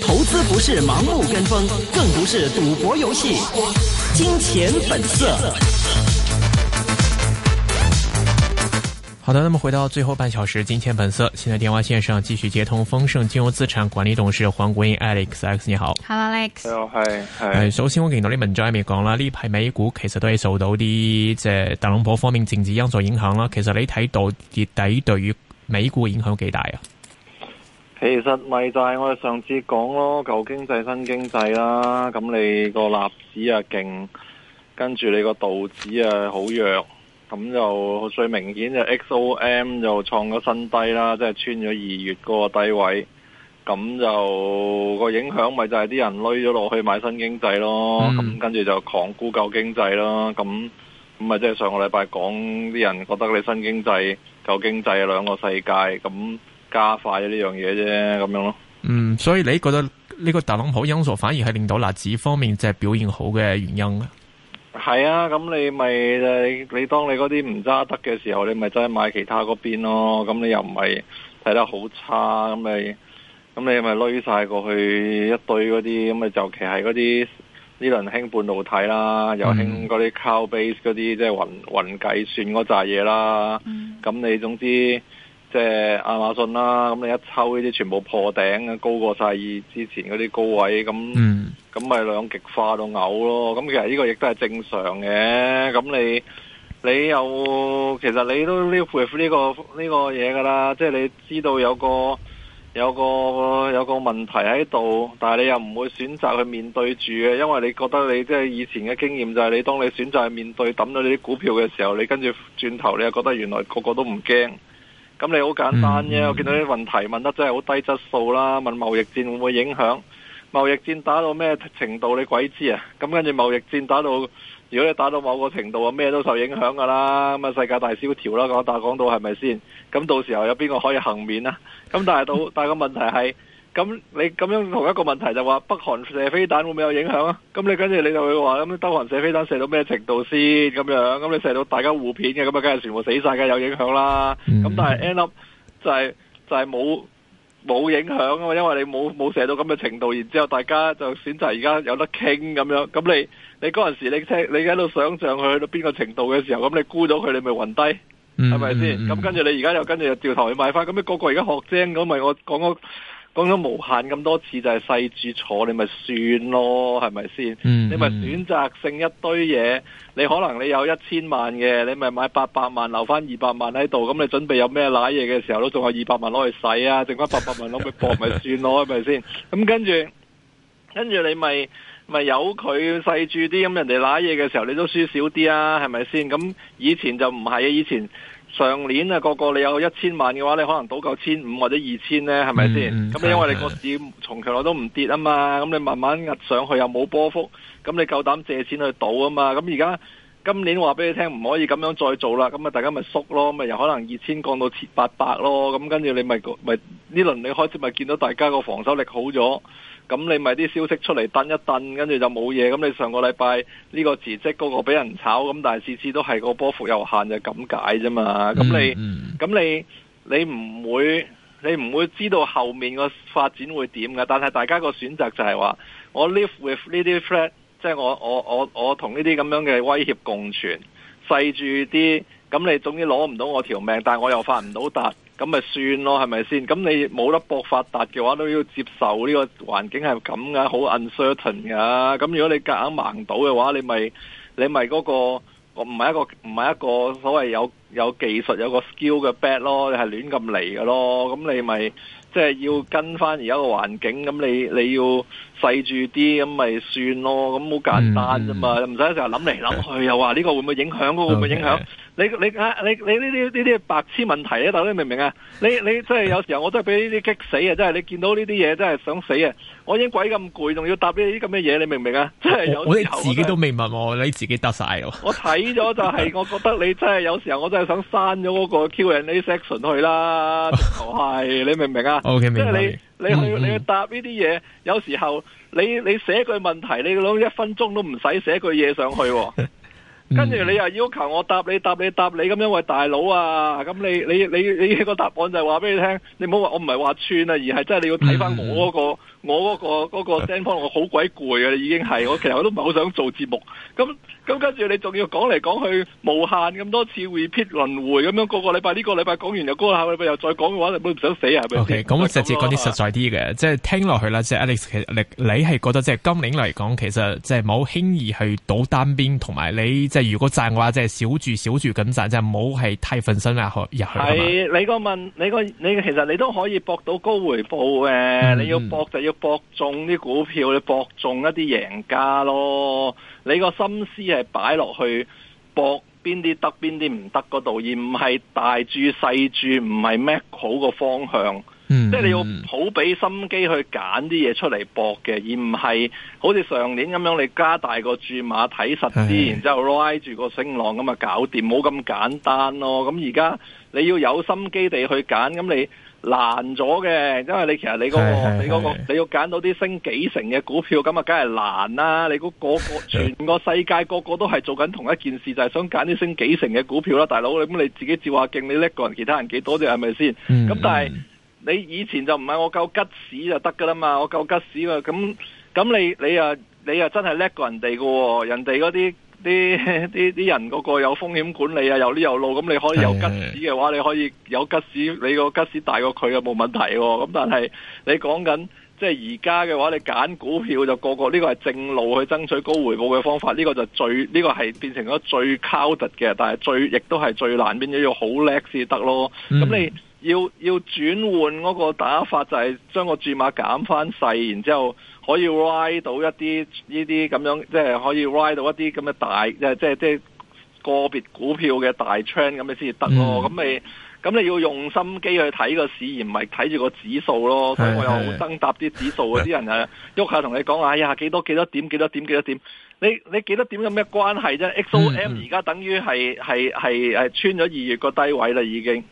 投資不是盲目跟風，更不是賭博遊戲。金錢本色。好的，那麼回到最後半小時，金錢本色。現在電話線上繼續接通豐盛金融資產管理董事黃國英 Alex，Alex 你好。Hello，Alex。你好，係係。首先我見到你文章入面講啦，呢排美股其實都受到啲即係特朗普方面政治因素影響啦。其實你睇到跌底對於美股影響幾大啊？其實咪就係我哋上次講咯，舊經濟新經濟啦。咁你個納指啊勁，跟住你個道指啊好弱。咁就最明顯就 XOM 又創咗新低啦，即係穿咗二月嗰個低位。咁就個影響咪就係啲人推咗落去買新經濟咯。咁、嗯、跟住就狂沽舊經濟咯。咁咁咪即係上個禮拜講，啲人覺得你新經濟。就經濟啊，兩個世界咁加快呢樣嘢啫，咁樣咯。嗯，所以你覺得呢個特朗普因素反而係令到納指方面即係表現好嘅原因咧？係啊，咁你咪你，你，你當你嗰啲唔揸得嘅時候，你咪真係買其他嗰邊咯。咁你又唔係睇得好差咁咪咁你咪攞晒過去一堆嗰啲咁咪尤其係嗰啲呢輪興半導體啦，又興嗰啲 cloud based 嗰啲即係雲雲計算嗰扎嘢啦。嗯咁你總之即係亞馬遜啦，咁你一抽呢啲全部破頂啊，高過晒之前嗰啲高位，咁咁咪兩極化到嘔咯。咁其實呢個亦都係正常嘅。咁你你又其實你都 live with 呢個呢個嘢噶啦，即係你知道有個。有個有個問題喺度，但係你又唔會選擇去面對住嘅，因為你覺得你即係以前嘅經驗就係你當你選擇去面對揼咗你啲股票嘅時候，你跟住轉頭你又覺得原來個個都唔驚。咁你好簡單啫，嗯、我見到啲問題問得真係好低質素啦，問貿易戰會唔會影響貿易戰打到咩程度，你鬼知啊！咁跟住貿易戰打到。如果你打到某個程度啊，咩都受影響噶啦，咁啊世界大蕭條啦，講大講到係咪先？咁到時候有邊個可以幸免啊？咁但係到但係個問題係，咁你咁樣同一個問題就話北韓射飛彈會唔會有影響啊？咁你跟住你就會話咁，北韓射飛彈射到咩程度先咁樣？咁你射到大家互片嘅咁啊，梗係全部死晒嘅，有影響啦。咁但係 end up 就係、是、就係、是、冇。冇影響啊嘛，因為你冇冇射到咁嘅程度，然之後大家就選擇而家有得傾咁樣，咁你你嗰陣時你聽你喺度想象佢去到邊個程度嘅時候，咁你估到佢你咪暈低，係咪先？咁、嗯嗯、跟住你而家又跟住又掉頭去買翻，咁你個個而家學精咗咪？我講我。講咗無限咁多次就係細注坐你咪算咯，係咪先？嗯嗯、你咪選擇性一堆嘢，你可能你有一千萬嘅，你咪買八百萬留翻二百萬喺度，咁你準備有咩揦嘢嘅時候都仲有二百萬攞去使啊，剩翻八百萬攞去搏咪 算咯，係咪先？咁跟住，跟住你咪咪由佢細注啲，咁人哋揦嘢嘅時候你都輸少啲啊，係咪先？咁以前就唔係啊，以前。上年啊，個個你有一千萬嘅話，你可能賭夠千五或者二千呢，係咪先？咁、嗯、因為你個市從強到都唔跌啊嘛，咁你慢慢壓上去又冇波幅，咁你夠膽借錢去賭啊嘛？咁而家。今年話俾你聽，唔可以咁樣再做啦，咁啊大家咪縮咯，咪又可能二千降到八百咯，咁跟住你咪咪呢輪你開始咪見到大家個防守力好咗，咁你咪啲消息出嚟蹬一蹬，跟住就冇嘢，咁你上個禮拜呢個辭職，嗰個俾人炒，咁但係次次都係個波幅有限就咁解啫嘛，咁、mm hmm. 你咁你你唔會你唔會知道後面個發展會點嘅，但係大家個選擇就係話我 live with 呢啲 friend。即係我我我我同呢啲咁樣嘅威脅共存，細住啲，咁你總之攞唔到我條命，但係我又發唔到達，咁咪算咯，係咪先？咁你冇得博發達嘅話，都要接受呢個環境係咁嘅。好 uncertain 噶。咁如果你夾硬盲到嘅話，你咪你咪嗰個唔係一個唔係一個所謂有有技術有個 skill 嘅 bad 咯，你係亂咁嚟嘅咯，咁你咪。即係要跟翻而家個環境，咁你你要細住啲，咁咪算咯，咁好簡單啫嘛，唔使成日諗嚟諗去， 又話呢個會唔會影響嗰個會唔會影響？Okay. 你你啊你你呢啲呢啲白痴問題啊，但你明唔明啊？你你真係有時候我真係俾呢啲激死啊！真係你見到呢啲嘢真係想死啊！我已經鬼咁攰，仲要答呢啲咁嘅嘢，你明唔明啊？真係有時我，真我，我你自己都未問我，你自己答晒喎。我睇咗就係我覺得你真係有時候我真係想刪咗嗰個 Q and A section 去啦，直頭係你明唔、okay, 明啊？O K 即係你白你去你去答呢啲嘢，嗯、有時候你你寫句問題，你攞一分鐘都唔使寫句嘢上去、啊。 跟住你又要求我答你答你答你咁樣，喂大佬啊，咁你你你你個答案就係話俾你聽，你唔好話我唔係話串啊，而係真係你要睇翻我嗰個。我嗰、嗰個聲波，嗰個、我好鬼攰嘅，已經係我其實我都唔係好想做節目。咁咁跟住你仲要講嚟講去無限咁多次會輪迴咁樣，個個禮拜呢個,個禮拜講完又下個，個個禮拜又再講嘅話，你唔想死係咪？O K，咁直接講啲實在啲嘅，即係嗎聽落去啦。即係 Alex，你你係覺得即係今年嚟講，其實即係冇輕易去賭單邊，同埋你即係如果賺嘅話，即係小注小注咁賺，即係冇係太瞓身啦，入去係你個問，你個你,個你其實你都可以博到高回報嘅。你要博就、嗯。要博中啲股票，你博中一啲贏家咯。你個心思係擺落去博邊啲得，邊啲唔得嗰度，而唔係大注細注，唔係 match 好個方向。嗯嗯，即係你要好俾心機去揀啲嘢出嚟搏嘅，而唔係好似上年咁樣，你加大個注碼睇實啲，是然之後拉住個升浪咁啊搞掂，冇咁簡單咯。咁而家你要有心機地去揀，咁你。難咗嘅，因為你其實你嗰、那個是是是你、那個你要揀到啲升幾成嘅股票，咁啊梗係難啦！你估個個全個世界個個都係做緊同一件事，就係、是、想揀啲升幾成嘅股票啦，大佬！你咁你自己照下鏡，你叻過人其他人幾多啫，係咪先？咁、嗯、但係你以前就唔係我夠吉屎就得噶啦嘛，我夠吉屎喎！咁咁你你啊你啊，你啊真係叻過人哋噶，人哋嗰啲。啲啲啲人嗰個有風險管理啊，有呢有路，咁你可以有吉屎嘅話， 你可以有吉屎，你個吉屎大過佢啊，冇問題喎。咁但係你講緊即係而家嘅話，你揀股票就個個呢個係正路去爭取高回報嘅方法，呢個就係最呢個係變成咗最 crowded 嘅，但係最亦都係最難，變咗要好叻先得咯。咁 你。要要轉換嗰個打法，就係將個注碼減翻細，然之後可以 ride 到一啲呢啲咁樣，即係可以 ride 到一啲咁嘅大，即係即係即係個別股票嘅大 trend 咁你先至得咯。咁、嗯、你咁你要用心機去睇個市，而唔係睇住個指數咯。的所以我又登搭啲指數嗰啲人啊，喐下同你講啊，哎呀，幾多幾多點，幾多點，幾多點，幾多點？你你幾多點有咩關係啫？XOM 而家等於係係係係穿咗二月個低位啦，已經。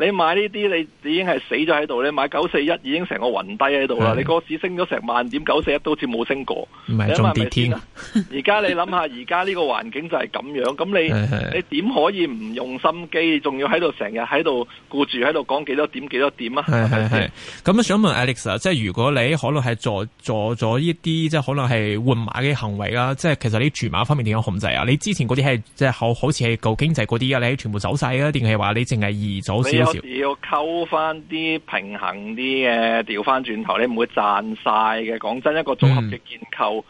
你買呢啲你已經係死咗喺度，你買九四一已經成個暈低喺度啦。的你個市升咗成萬點，九四一都好似冇升過，唔係仲跌添。而家你諗下，而家呢個環境就係咁樣，咁你的的你點可以唔用心機，仲要喺度成日喺度顧住喺度講幾多點幾多點啊？係咁啊，想問 Alex 即係如果你可能係做做咗呢啲，即係可能係換馬嘅行為啦，即係其實你注碼方面點樣控制啊？你之前嗰啲係即係好好似係舊經濟嗰啲啊，你全部走晒啊，定係話你淨係易走市？要溝翻啲平衡啲嘅，調翻轉頭你唔會賺晒嘅。講真，一個綜合嘅結構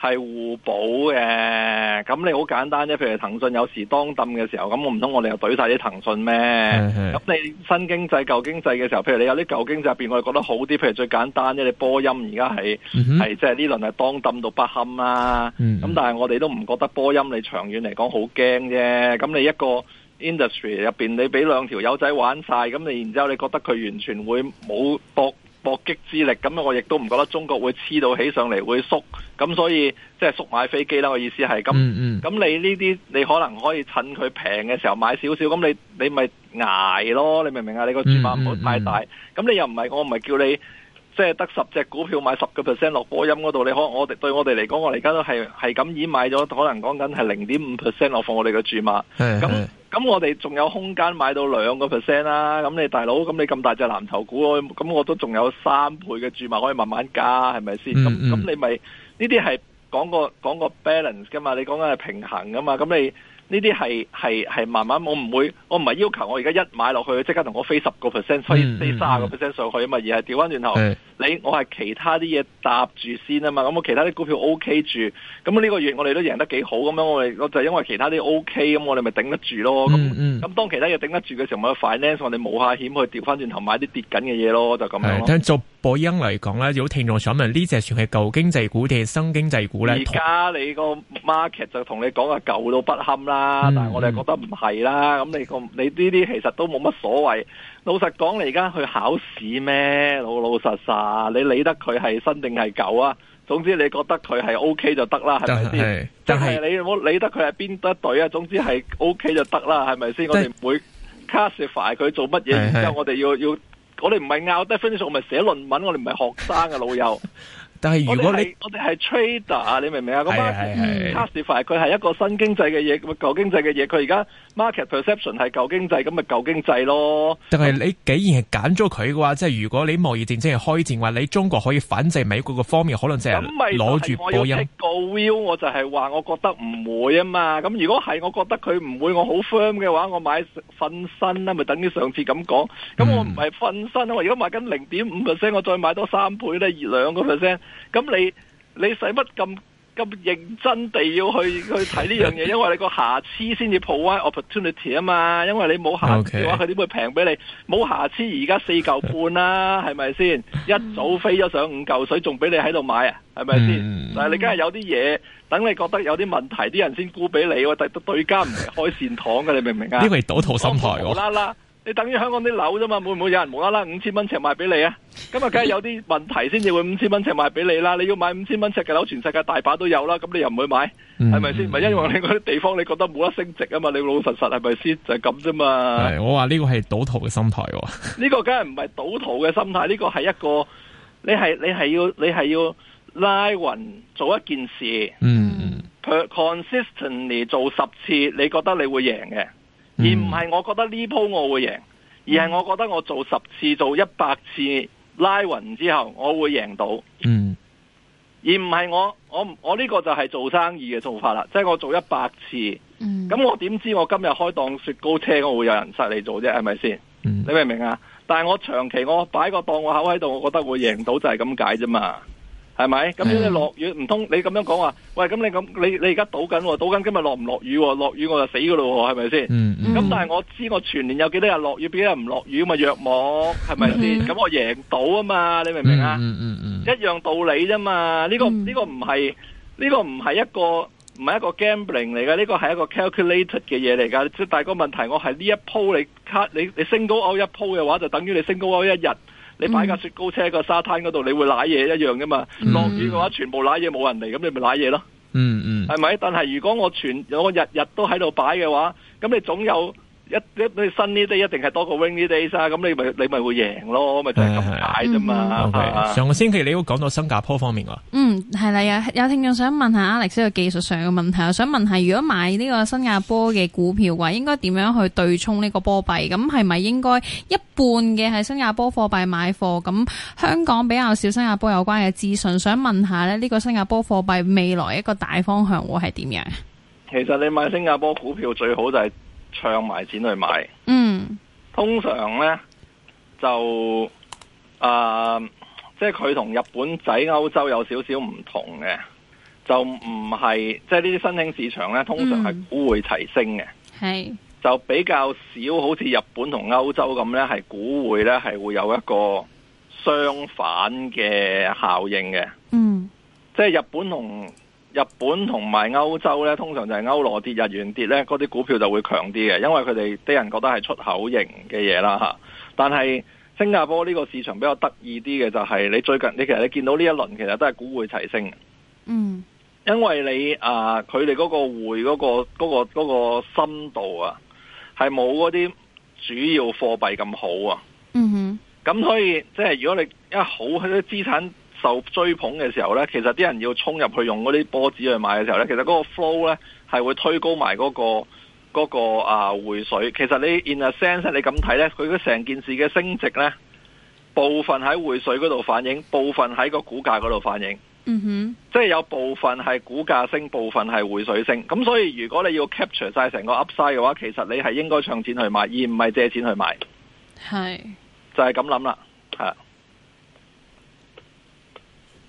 係互補嘅。咁你好簡單啫。譬如騰訊有時當冧嘅時候，咁我唔通我哋又懟晒啲騰訊咩？咁是是 你新經濟舊經濟嘅時候，譬如你有啲舊經濟入邊，我哋覺得好啲。譬如最簡單啫，你波音而家係係即係呢輪係當冧到不堪啦、啊。咁、嗯、哼但係我哋都唔覺得波音你長遠嚟講好驚啫。咁你一個。Industry 入邊你俾兩條友仔玩晒，咁你然之後你覺得佢完全會冇搏搏擊之力，咁我亦都唔覺得中國會黐到起上嚟會縮，咁所以即係縮買飛機啦。我意思係咁，咁你呢啲你可能可以趁佢平嘅時候買少少，咁你你咪挨咯。你明唔明啊？你個注碼唔好太大。咁你又唔係我唔係叫你即係得十隻股票買十個 percent 落波音嗰度，你可我哋對我哋嚟講，我哋而家都係係咁已買咗，可能講緊係零點五 percent 落放我哋嘅注碼。咁咁我哋仲有空間買到兩個 percent 啦，咁、啊、你大佬，咁你咁大隻藍籌股，咁我都仲有三倍嘅注碼可以慢慢加，係咪先？咁咁、mm hmm. 你咪呢啲係講個講個 balance 噶嘛，你講緊係平衡噶嘛，咁你。呢啲係係係慢慢，我唔會，我唔係要求我而家一買落去即刻同我飛十個 percent，飛三十個 percent 上去啊嘛，而係調翻轉頭，你我係其他啲嘢搭住先啊嘛，咁我其他啲股票 O K 住，咁呢個月我哋都贏得幾好，咁樣我哋我就因為其他啲 O K，咁我哋咪頂得住咯。咁咁當其他嘢頂得住嘅時候，咪 finance 我哋冇下險去調翻轉頭買啲跌緊嘅嘢咯，就咁樣。聽做播音嚟講咧，有聽眾想問呢隻船係舊經濟股定係新經濟股咧？而家同你個 market 就同你講啊，舊到不堪啦。啊！嗯、但係我哋覺得唔係啦，咁你個你呢啲其實都冇乜所謂。老實講，你而家去考試咩？老老實實，你理得佢係新定係舊啊？總之你覺得佢係 O K 就得啦，係咪先？就係你冇理得佢係邊一隊啊？總之係 O K 就得啦，係咪先？是我哋唔會 classify 佢做乜嘢，然之後我哋要要，我哋唔係拗得分數，我咪寫論文，我哋唔係學生嘅、啊、老友。 但如果你我哋係我哋係 trader，你明唔明啊？咁啊，classify 佢係一個新經濟嘅嘢，舊經濟嘅嘢，佢而家。Market perception 係舊經濟，咁咪舊經濟咯。定係、嗯、你既然係揀咗佢嘅話，即係如果你貿易戰爭係開戰話，你中國可以反制美國嘅方面，可能就係攞住波音。咁咪係我要 take a view，我就係話我覺得唔會啊嘛。咁如果係我覺得佢唔會，我好 firm 嘅話，我買瞓身啦，咪、就是、等於上次咁講。咁我唔係瞓身，嘛，如果買緊零點五 percent，我再買多三倍咧，二兩個 percent。咁你你使乜咁？.咁認真地要去去睇呢樣嘢，因為你個瑕疵先至 provide opportunity 啊嘛，因為你冇瑕疵嘅話，佢點 Okay. 會平俾你？冇瑕疵而家四嚿半啦、啊，係咪先？一早飛咗上五嚿水，仲俾你喺度買啊？係咪先？嗯、但係你梗係有啲嘢，等你覺得有啲問題，啲人先沽俾你，我特對家唔係開善堂嘅，你明唔明啊？呢位賭徒心態我。 你等於香港啲樓啫嘛，會唔會有人無啦啦五千蚊尺賣俾你啊？咁啊，梗係有啲問題先至會五千蚊尺賣俾你啦。你要買五千蚊尺嘅樓，全世界大把都有啦。咁你又唔會買，係咪先？唔係因為你嗰啲地方你覺得冇得升值啊嘛？你老老實實係咪先？就係咁啫嘛。我話呢個係賭徒嘅心態喎、啊。呢個梗係唔係賭徒嘅心態，呢個係一個你係你係要你係要拉勻做一件事。嗯 per consistently 做十次，你覺得你會贏嘅。而唔係，我覺得呢鋪我會贏，而係我覺得我做十次、做一百次拉勻之後，我會贏到。嗯。而唔係我我我呢個就係做生意嘅做法啦，即係我做一百次。嗯。咁我點知我今日開檔雪糕車我會有人塞你做啫？係咪先？嗯。你明唔明啊？但係我長期我擺個檔口喺度，我覺得會贏到就係咁解啫嘛。係咪咁？你落雨唔通，你咁樣講話，喂，咁你咁，你你而家賭緊，賭緊今日落唔落雨？落雨我就死噶咯，係咪先？咁、嗯嗯、但係我知我全年有幾多日落雨，幾多日唔落雨，嘛，若望係咪先？咁、嗯、我贏到啊嘛，你明唔明啊？嗯嗯嗯、一樣道理啫嘛。呢、這個呢、這個唔係呢個唔係一個唔係一個 gambling 嚟噶，呢、這個係一個 calculated 嘅嘢嚟噶。即係但係個問題，我係呢一鋪你卡你你升高我一鋪嘅話，就等於你升高我一日。你擺架雪糕車喺個沙灘嗰度，你會瀨嘢一樣㗎嘛？落雨嘅話，全部瀨嘢冇人嚟，咁你咪瀨嘢咯。嗯嗯，係咪？但係如果我全我日日都喺度擺嘅話，咁你總有。一一新呢啲一定係多過 win day，咁你咪你咪會贏咯，咪就係咁解啫嘛。上個星期你都講到新加坡方面喎。嗯，係啦，有有聽眾想問下 Alex 個技術上嘅問題，我想問下，如果買呢個新加坡嘅股票話，應該點樣去對沖呢個波幣？咁係咪應該一半嘅係新加坡貨幣買貨？咁香港比較少新加坡有關嘅資訊，想問下咧，呢個新加坡貨幣未來一個大方向會係點樣？其實你買新加坡股票最好就係、是。唱埋錢去買，嗯，通常呢，就誒、呃，即係佢同日本仔、歐洲有少少唔同嘅，就唔係即係呢啲新興市場呢，通常係股匯齊升嘅，係、嗯、就比較少，好似日本同歐洲咁呢，係股匯呢，係會有一個相反嘅效應嘅，嗯，即係日本同。日本同埋歐洲咧，通常就係歐羅跌、日元跌咧，嗰啲股票就會強啲嘅，因為佢哋啲人覺得係出口型嘅嘢啦嚇。但係新加坡呢個市場比較得意啲嘅就係你最近你其實你見到呢一輪其實都係股匯齊升嘅。嗯，因為你啊，佢哋嗰個匯嗰個嗰個嗰個深度啊，係冇嗰啲主要貨幣咁好啊。嗯哼。咁所以即係如果你一好，佢啲資產受追捧嘅時候呢，其實啲人要沖入去用嗰啲波子去買嘅時候呢，其實嗰個 flow 呢，係會推高埋嗰個嗰個啊匯水。其實你 in a sense 你咁睇呢，佢成件事嘅升值呢，部分喺匯水嗰度反映，部分喺個股價嗰度反映。Mm hmm. 即係有部分係股價升，部分係匯水升。咁所以如果你要 capture 晒成個 upside 嘅話，其實你係應該唱錢去買，而唔係借錢去買。係是就係咁諗啦。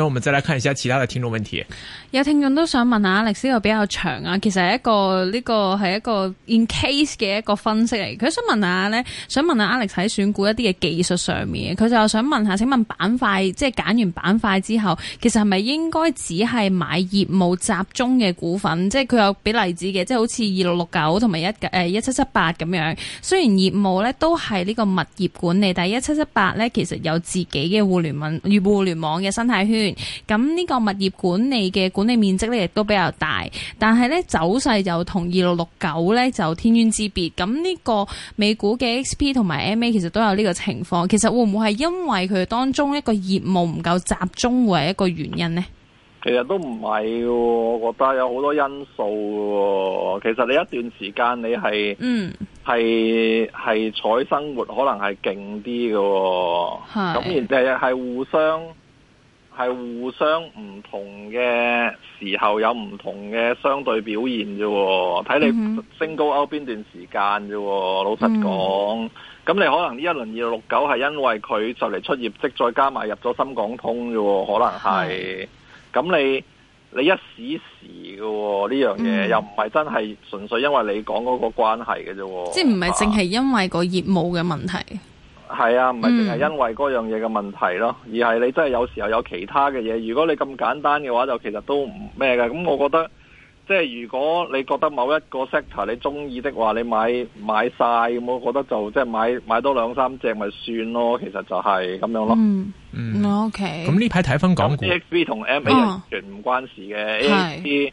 咁，我們再來看一下其他的聽眾問題。有聽眾都想問下，Alex 又比較長啊。其實一個呢個係一個 in case 嘅一個分析嚟。佢想問下咧，想問下 Alex 喺選股一啲嘅技術上面，佢就想問下，請問板塊即係揀完板塊之後，其實係咪應該只係買業務集中嘅股份？即係佢有俾例子嘅，即係好似二六六九同埋一誒一七七八咁樣。雖然業務咧都係呢個物業管理，但係一七七八咧其實有自己嘅互聯網與互聯網嘅生態圈。咁呢個物業管理嘅管理面積咧，亦都比較大，但係咧走勢就同二六六九咧就天淵之別。咁呢個美股嘅 XP 同埋 MA 其實都有呢個情況。其實會唔會係因為佢當中一個業務唔夠集中為一個原因呢？其實都唔係喎，我覺得有好多因素喎。其實你一段時間你係嗯係係彩生活可能係勁啲嘅，咁是而第日係互相。係互相唔同嘅時候有唔同嘅相對表現啫，睇你 single out 邊段時間啫。老實講，咁、嗯、你可能呢一輪二六九係因為佢就嚟出業績，再加埋入咗深港通啫，可能係。咁是你你一時時嘅呢、喔、樣嘢、嗯、又唔係真係純粹因為你講嗰個關係嘅啫，即係唔係淨係因為個業務嘅問題。啊係啊，唔係淨係因為嗰樣嘢嘅問題咯，而係你真係有時候有其他嘅嘢。如果你咁簡單嘅話，就其實都唔咩嘅。咁我覺得，即係如果你覺得某一個 sector 你中意的話，你買買晒，咁我覺得就即係買買多兩三隻咪算咯。其實就係咁樣咯。嗯，嗯，OK。咁呢排睇返港股 XV 同 M A 全唔關事嘅、哦、A X B。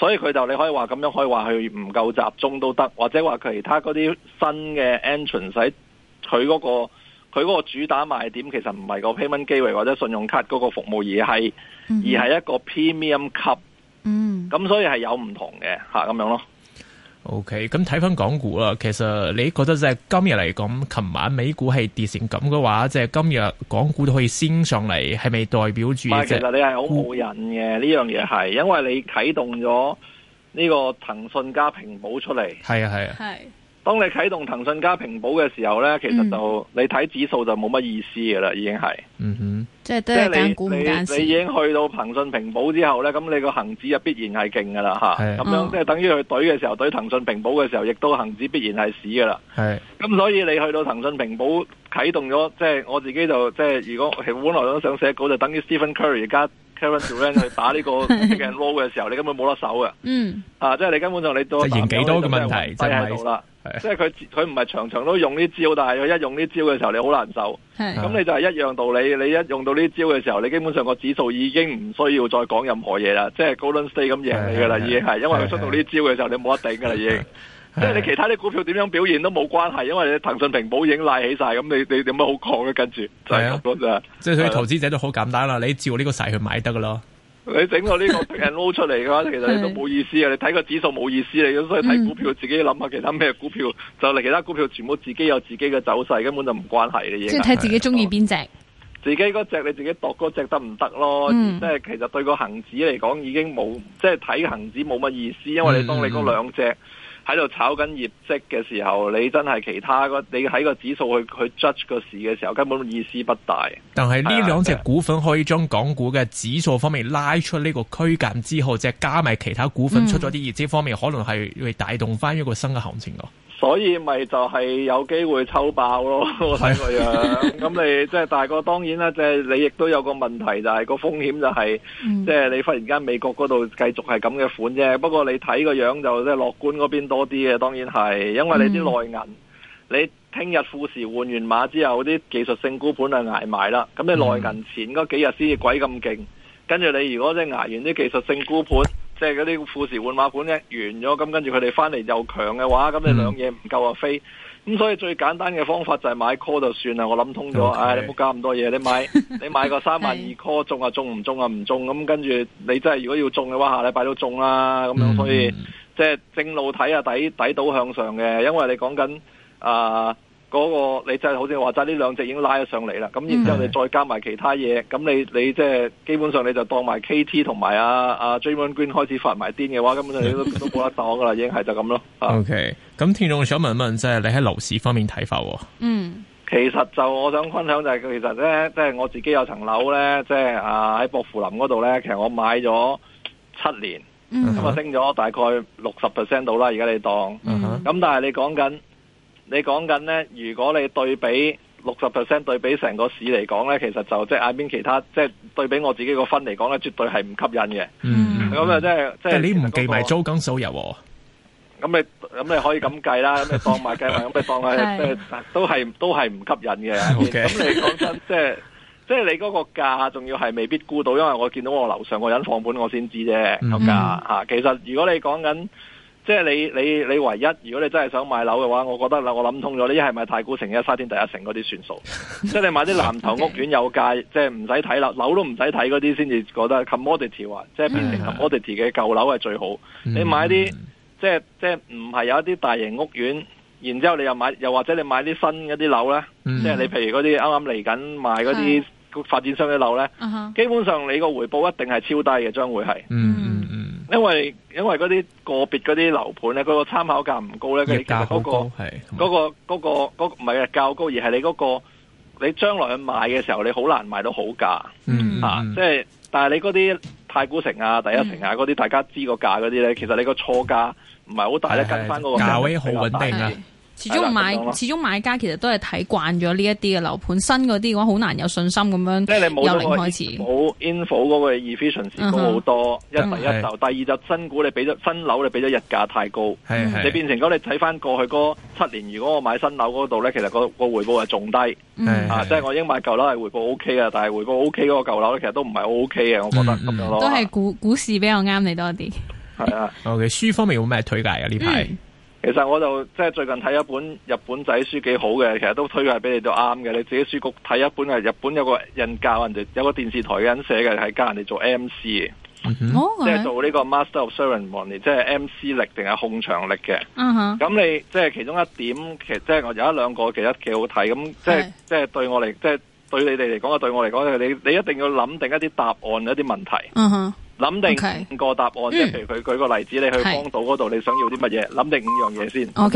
所以佢就你可以話咁樣，可以話佢唔夠集中都得，或者話其他啲新嘅 entrance 使佢，個佢個主打賣點其實唔係個 payment 機器或者信用卡個服務而係，mm hmm. 而係一個 premium 級，mm，咁，hmm. 所以係有唔同嘅，吓咁樣咯。O K，咁睇翻港股啦，其實你覺得即係今日嚟講，琴晚美股係跌成咁嘅話，即係今日港股都可以升上嚟，係咪代表住？其實你係好冇癮嘅呢樣嘢係，因為你啟動咗呢個騰訊加平保出嚟。係啊係啊。當你啟動騰訊加平保嘅時候咧，其實就你睇指數就冇乜意思嘅啦，已經係，即係都係講股唔講市。你已經去到騰訊平保之後咧，咁你個恒指就必然係勁噶啦吓，咁樣即係等於佢對嘅時候對騰訊平保嘅時候，亦都恒指必然係屎噶啦。係，咁所以你去到騰訊平保啟動咗，即係我自己就即係如果本來都想寫稿，就等於 Stephen Curry 加 Kevin Durant 去打呢個 NBA 嘅時候，你根本冇得手嘅。嗯，啊，即係你根本就你到贏幾多嘅問題就係啦。即係佢佢唔係場場都用呢招，但係佢一用呢招嘅時候，你好難受。咁、啊，你就係一樣道理。你一用到呢招嘅時候，你基本上個指數已經唔需要再講任何嘢啦。即係 Golden State 咁贏你噶啦，已經係，因為佢出到呢招嘅時候，你冇得頂噶啦，已經。啊啊啊、即係你其他啲股票點樣表現都冇關係，因為你騰訊、平保已經賴起晒咁，你你有乜好講咧？跟住就係啊，即係、啊、所以投資者都好簡單啦，你照呢個勢去買得噶咯。 你整到呢個突然撈出嚟嘅話， 其實你都冇意思嘅。是你睇個指數冇意思你咁，所以睇股票自己諗下其他咩股票就嚟其他股票全部自己有自己嘅走勢，根本就唔關係嘅嘢。即係睇自己中意邊隻，自己嗰隻你自己度嗰隻得唔得咯？即係、嗯、其實對個恒指嚟講已經冇，即係睇恒指冇乜意思，因為你當你嗰兩隻。嗯喺度炒緊業績嘅時候，你真係其他個，你喺個指數去去 judge 個市嘅時候，根本意思不大。但係呢兩隻股份可以將港股嘅指數方面拉出呢個區間之後，即係加埋其他股份出咗啲業績方面，嗯、可能係會帶動翻一個新嘅行情咯。所以咪就係有機會抽爆咯，我睇佢樣。咁 你即係大個當然啦，即係你亦都有個問題、就是，就係個風險就係、是，即係、嗯、你忽然間美國嗰度繼續係咁嘅款啫。不過你睇個樣就即係樂觀嗰邊多啲嘅，當然係，因為你啲內銀，你聽日富時換完馬之後，啲技術性沽盤就捱埋啦。咁你內銀前嗰幾日先至鬼咁勁，跟住你如果即係捱完啲技術性沽盤。即係嗰啲富時換馬盤一完咗，咁跟住佢哋翻嚟又強嘅話，咁你兩嘢唔夠啊飛，咁所以最簡單嘅方法就係買 call 就算啦。我諗通咗，唉 Okay.、哎，你唔好搞咁多嘢，你買你買個三萬二 call 中啊，中唔中啊？唔中，咁跟住你真係如果要中嘅話，下禮拜都中啦。咁樣所以、mm hmm. 即係正路睇啊，底底倒向上嘅，因為你講緊啊。呃嗰個你真係好似話齋，呢兩隻已經拉咗上嚟啦。咁然之後你再加埋其他嘢，咁你你即係基本上你就當埋 KT 同埋啊啊 Jamen Green 開始發埋癲嘅話，根本就都 都冇得擋噶啦，已經係就咁咯。OK，咁聽眾想問一問，即係你喺樓市方面睇法？嗯，其實就我想分享就係其實咧，即係我自己有層樓咧，即係啊喺薄扶林嗰度咧，其實我買咗七年，咁啊升咗大概六十 percent 到啦。而家你當咁，但係你講緊。你講緊咧，如果你對比六十 percent 對比成個市嚟講咧，其實就即係外邊其他，即係對比我自己個分嚟講咧，絕對係唔吸引嘅。Mm hmm. 嗯，咁啊，即係即係你唔計埋租金收入，咁你咁你可以咁計啦，咁 你放埋計埋，咁你放係即係都係都係唔吸引嘅。咁你講真，即係即係你嗰個價仲要係未必估到，因為我見到我樓上個人放盤，我先知啫個價嚇。Mm hmm. 其實如果你講緊，即係你你你唯一，如果你真係想買樓嘅話，我覺得啦，我諗通咗，一係咪太古城一，一沙田第一城嗰啲算數。 即係你買啲藍籌屋苑有價，即係唔使睇樓，樓都唔使睇嗰啲，先至覺得 commodity 啊，即係變成 commodity 嘅舊樓係最好。Mm hmm. 你買啲即係即係唔係有一啲大型屋苑，然之後你又買，又或者你買啲新嗰啲樓咧，mm hmm. 即係你譬如嗰啲啱啱嚟緊賣嗰啲發展商嘅樓咧，mm hmm. 基本上你個回報一定係超低嘅，將會係。Mm hmm. 因為因為嗰啲個別嗰啲樓盤咧，嗰、嗰個參考價唔高咧，其實嗰個嗰是、嗰個嗰、嗰個唔係啊較高，而係你嗰、嗰個你將來去賣嘅時候，你好難賣到好價、嗯、啊！即係、嗯，但係你嗰啲太古城啊、第一城啊嗰啲、嗯，大家知個價嗰啲咧，其實你錯價是是是個錯價唔係好大咧，跟翻嗰個價位好穩定啊。始終買始終買家其實都係睇慣咗呢一啲嘅樓盤，新嗰啲嘅話好難有信心咁樣。即係你冇由零開始，冇 i n f i 嗰個 e f f i c i e n c y 高好多。一第一就第二就新股你俾咗新樓你俾咗日價太高，你變成咗你睇翻過去嗰七年，如果我買新樓嗰度咧，其實個回報係仲低。即係、啊、我已經買舊樓係回報 OK 噶，但係回報 OK 嗰個舊樓咧，其實都唔係好 OK 嘅，嗯嗯我覺得咁樣咯都係股股市比較啱你多啲。係啊，OK，書方面有咩推介啊？呢排、嗯？其實我就即係最近睇一本日本仔書幾好嘅，其實都推介俾你都啱嘅。你自己書局睇一本係日本有個人教人哋，有個電視台嘅人寫嘅，係教人哋做 M.C.，、uh huh. 即係做呢個 Master of Ceremony，即係 M.C. 力定係控場力嘅。咁、uh huh. 你即係其中一點，其實即係我有一兩個，其實幾好睇。咁即係即係對我嚟，即、就、係、是、對你哋嚟講啊，對我嚟講，你你一定要諗定一啲答案一啲問題。Uh huh. 諗定五個答案，Okay. 即係譬如佢舉個例子，嗯、你去荒島嗰度，你想要啲乜嘢？諗是定五樣嘢先。Okay.